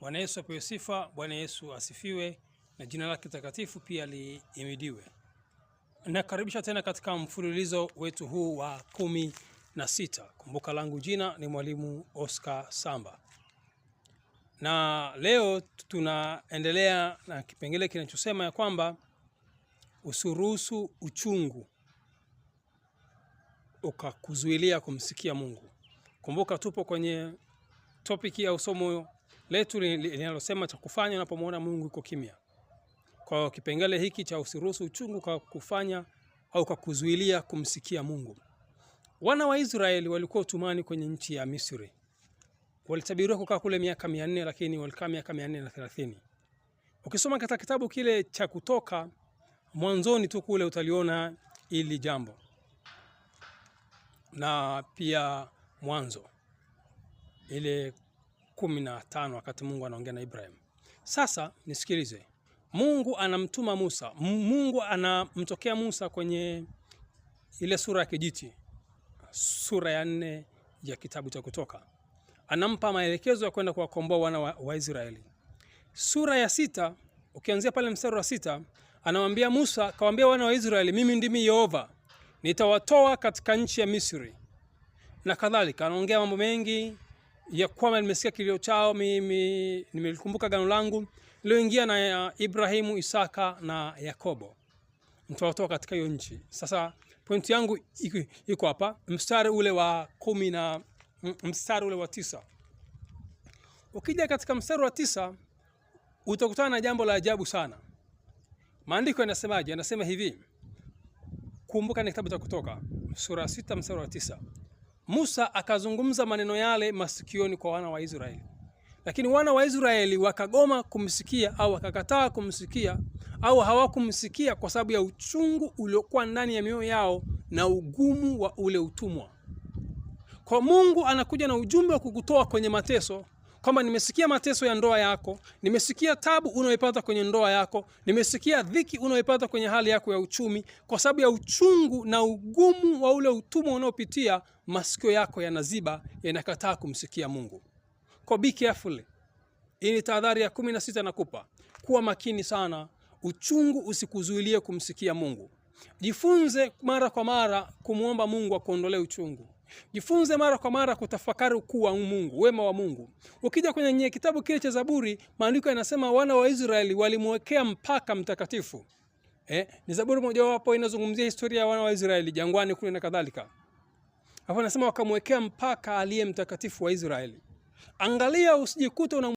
Bwana Yesu apewe sifa, Bwana Yesu asifiwe na jina lake takatifu pia liimidiwe. Nakaribisha tena katika mfululizo wetu huu wa kumi na sita. Kumbuka langu jina ni Mwalimu Oscar Samba, na leo tunaendelea na kipengele kinachosema ya kwamba usiruhusu uchungu ukakuzuilia kumsikia Mungu. Kumbuka tupo kwenye topiki au somo letu linalosema cha kufanya unapomwona Mungu yuko kimya. Kwa kipengele hiki cha usiruhusu uchungu kwa kufanya au kwa kuzuilia kumsikia Mungu. Wana wa Israeli walikuwa utumani kwenye nchi ya Misri. Walitabiriwa kukaa kule miaka 400 lakini walikaa miaka 430. Ukisoma katika kitabu kile cha Kutoka mwanzoni tu kule utaliona ili jambo na pia Mwanzo ile kumi na tano wakati Mungu anaongea na Ibrahim. Sasa nisikilize, Mungu anamtuma Musa, Mungu anamtokea Musa kwenye ile sura ya kijiti, sura ya nne ya kitabu cha Kutoka, anampa maelekezo ya kwenda kuwakomboa wana wa, wa Israeli. Sura ya sita ukianzia pale mstari wa sita anawambia Musa, kawambia wana wa Israeli, mimi ndimi Yehova nitawatoa katika nchi ya Misri na kadhalika. Anaongea mambo mengi ya kwamba nimesikia kilio chao, mimi nimelikumbuka gano langu nilioingia na Ibrahimu, Isaka na Yakobo, mtawatoa katika hiyo nchi. Sasa pointi yangu iko hapa, mstari ule wa kumi na mstari ule wa tisa. Ukija katika mstari wa tisa utakutana na jambo la ajabu sana. Maandiko yanasemaje? Yanasema hivi, kumbuka ni kitabu cha Kutoka sura sita mstari wa tisa. Musa akazungumza maneno yale masikioni kwa wana wa Israeli, lakini wana wa Israeli wakagoma kumsikia au wakakataa kumsikia au hawakumsikia kwa sababu ya uchungu uliokuwa ndani ya mioyo yao na ugumu wa ule utumwa. Kwa Mungu anakuja na ujumbe wa kukutoa kwenye mateso kwamba nimesikia mateso ya ndoa yako, nimesikia tabu unayoipata kwenye ndoa yako, nimesikia dhiki unayoipata kwenye hali yako ya uchumi. Kwa sababu ya uchungu na ugumu wa ule utumwa unaopitia, masikio yako yanaziba, yanakataa kumsikia Mungu. Kwa be careful. Hii ni tahadhari ya kumi na sita nakupa, kuwa makini sana, uchungu usikuzuilie kumsikia Mungu. Jifunze mara kwa mara kumwomba Mungu akuondolee uchungu. Jifunze mara kwa mara kutafakari ukuu wa Mungu, wema wa Mungu. Ukija kwenye kitabu kile cha Zaburi, maandiko yanasema wana wa Israeli walimwekea mpaka mtakatifu. Eh, ni Zaburi mojawapo inazungumzia historia ya wana wa Israeli jangwani kule na kadhalika. Hapo anasema wakamwekea mpaka aliye mtakatifu wa Israeli. Angalia usijikute una